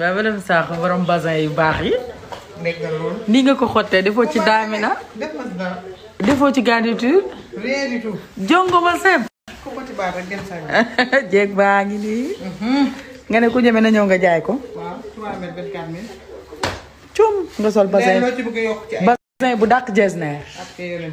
waaw madame Sakho borom basin yu baax yi. nekk nii nga ko xottee defoo ci daamina. def na defoo ci garniture. rien du tout. jongo ma seb. ku baa ngi nii. Mhm. nga ne ku ñeme na nga jaay ko. waaw nga sol basin. bu dàq jees neer.